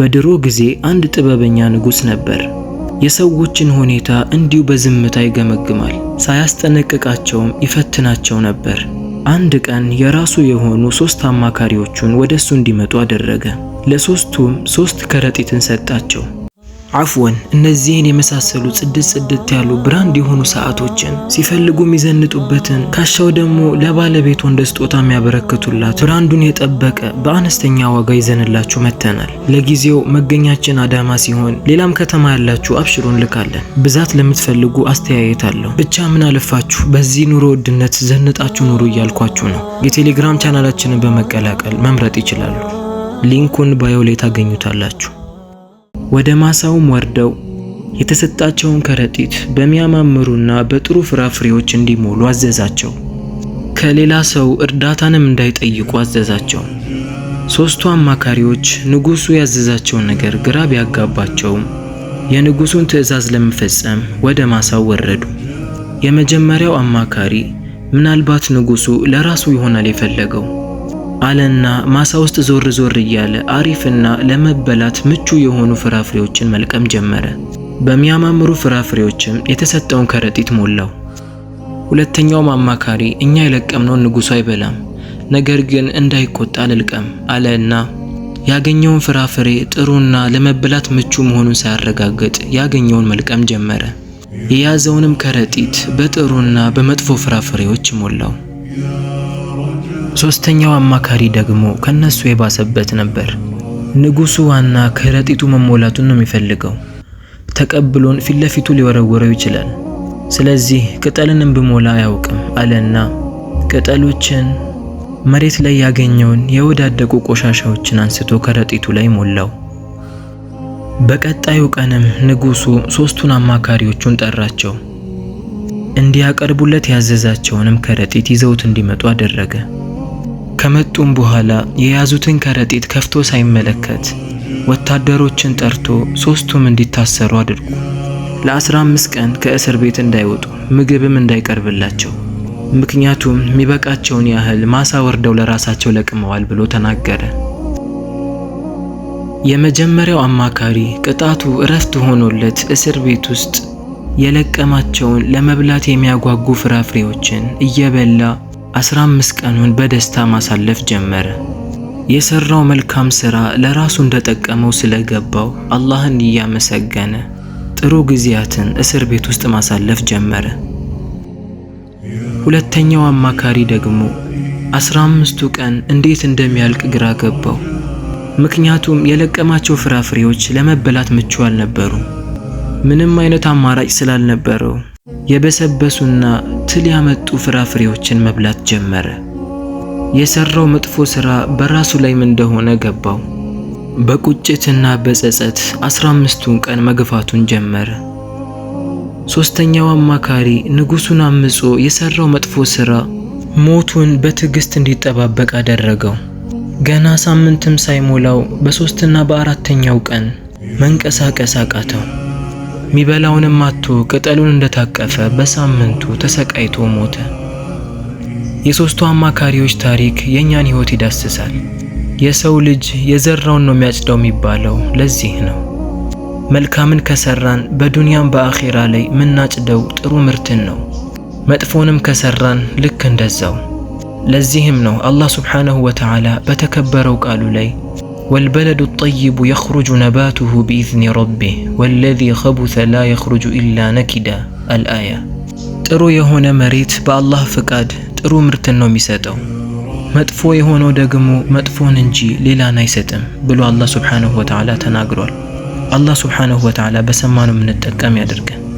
በድሮ ጊዜ አንድ ጥበበኛ ንጉሥ ነበር። የሰዎችን ሁኔታ እንዲሁ በዝምታ ይገመግማል፣ ሳያስጠነቅቃቸውም ይፈትናቸው ነበር። አንድ ቀን የራሱ የሆኑ ሶስት አማካሪዎቹን ወደ እሱ እንዲመጡ አደረገ። ለሶስቱም ሶስት ከረጢትን ሰጣቸው። አፍወን እነዚህን የመሳሰሉ ጽድት ጽድት ያሉ ብራንድ የሆኑ ሰዓቶችን ሲፈልጉ የሚዘንጡበትን ካሻው ደግሞ ለባለቤቱ እንደ ስጦታ የሚያበረክቱላት ብራንዱን የጠበቀ በአነስተኛ ዋጋ ይዘንላችሁ መጥተናል። ለጊዜው መገኛችን አዳማ ሲሆን ሌላም ከተማ ያላችሁ አብሽሩን እንልካለን። ብዛት ለምትፈልጉ አስተያየት አለው። ብቻ ምን አለፋችሁ በዚህ ኑሮ ውድነት ዘንጣችሁ ኑሩ እያልኳችሁ ነው። የቴሌግራም ቻናላችንን በመቀላቀል መምረጥ ይችላሉ። ሊንኩን ባዮ ላይ ታገኙታላችሁ። ወደ ማሳውም ወርደው የተሰጣቸውን ከረጢት በሚያማምሩና በጥሩ ፍራፍሬዎች እንዲሞሉ አዘዛቸው። ከሌላ ሰው እርዳታንም እንዳይጠይቁ አዘዛቸው። ሦስቱ አማካሪዎች ንጉሡ ያዘዛቸውን ነገር ግራ ቢያጋባቸውም የንጉሡን ትዕዛዝ ለመፈጸም ወደ ማሳው ወረዱ። የመጀመሪያው አማካሪ ምናልባት ንጉሡ ለራሱ ይሆናል የፈለገው አለና ማሳ ውስጥ ዞር ዞር እያለ አሪፍና ለመበላት ምቹ የሆኑ ፍራፍሬዎችን መልቀም ጀመረ። በሚያማምሩ ፍራፍሬዎችም የተሰጠውን ከረጢት ሞላው። ሁለተኛውም አማካሪ እኛ የለቀምነውን ንጉሱ አይበላም፣ ነገር ግን እንዳይቆጣ ልልቀም አለና ያገኘውን ፍራፍሬ ጥሩና ለመበላት ምቹ መሆኑን ሳያረጋግጥ ያገኘውን መልቀም ጀመረ። የያዘውንም ከረጢት በጥሩና በመጥፎ ፍራፍሬዎች ሞላው። ሶስተኛው አማካሪ ደግሞ ከነሱ የባሰበት ነበር። ንጉሱ ዋና ከረጢቱ መሞላቱን ነው የሚፈልገው። ተቀብሎን ፊት ለፊቱ ሊወረወረው ይችላል። ስለዚህ ቅጠልንም ብሞላ አያውቅም አለና ቅጠሎችን፣ መሬት ላይ ያገኘውን የወዳደቁ ቆሻሻዎችን አንስቶ ከረጢቱ ላይ ሞላው። በቀጣዩ ቀንም ንጉሱ ሶስቱን አማካሪዎቹን ጠራቸው። እንዲያቀርቡለት ያዘዛቸውንም ከረጢት ይዘውት እንዲመጡ አደረገ። ከመጡም በኋላ የያዙትን ከረጢት ከፍቶ ሳይመለከት ወታደሮችን ጠርቶ ሶስቱም እንዲታሰሩ አድርጉ፣ ለ15 ቀን ከእስር ቤት እንዳይወጡ፣ ምግብም እንዳይቀርብላቸው፣ ምክንያቱም የሚበቃቸውን ያህል ማሳ ወርደው ለራሳቸው ለቅመዋል ብሎ ተናገረ። የመጀመሪያው አማካሪ ቅጣቱ እረፍት ሆኖለት እስር ቤት ውስጥ የለቀማቸውን ለመብላት የሚያጓጉ ፍራፍሬዎችን እየበላ 15 ቀኑን በደስታ ማሳለፍ ጀመረ። የሰራው መልካም ስራ ለራሱ እንደጠቀመው ስለገባው አላህን እያመሰገነ ጥሩ ጊዜያትን እስር ቤት ውስጥ ማሳለፍ ጀመረ። ሁለተኛው አማካሪ ደግሞ 15ቱ ቀን እንዴት እንደሚያልቅ ግራ ገባው። ምክንያቱም የለቀማቸው ፍራፍሬዎች ለመበላት ምቹ አልነበሩም። ምንም አይነት አማራጭ ስላልነበረው የበሰበሱና ትል ያመጡ ፍራፍሬዎችን መብላት ጀመረ። የሰራው መጥፎ ስራ በራሱ ላይም እንደሆነ ገባው። በቁጭትና በጸጸት 15ቱን ቀን መግፋቱን ጀመረ። ሶስተኛው አማካሪ ንጉሱን አምጾ የሰራው መጥፎ ስራ ሞቱን በትዕግስት እንዲጠባበቅ አደረገው። ገና ሳምንትም ሳይሞላው በሶስትና በአራተኛው ቀን መንቀሳቀስ አቃተው። ሚበላውንም ማቶ ቅጠሉን እንደታቀፈ በሳምንቱ ተሰቃይቶ ሞተ። የሶስቱ አማካሪዎች ታሪክ የእኛን ሕይወት ይዳስሳል። የሰው ልጅ የዘራውን ነው የሚያጭደው የሚባለው ለዚህ ነው። መልካምን ከሰራን በዱንያም በአኼራ ላይ ምናጭደው ጥሩ ምርትን ነው። መጥፎንም ከሰራን ልክ እንደዛው። ለዚህም ነው አላህ ሱብሓነሁ ወተዓላ በተከበረው ቃሉ ላይ والبلد الطيب يخرج نباته بإذن ربه والذي خبث لا يخرج إلا نكدا الآية ጥሩ የሆነ መሬት በአላህ ፍቃድ ጥሩ ምርትን ነው የሚሰጠው መጥፎ የሆነው ደግሞ መጥፎን እንጂ ሌላን አይሰጥም ብሎ አላህ ሱብሓነሁ ወተዓላ ተናግሯል። አላህ ሱብሓነሁ ወተዓላ በሰማነው የምንጠቀም ያደርገን።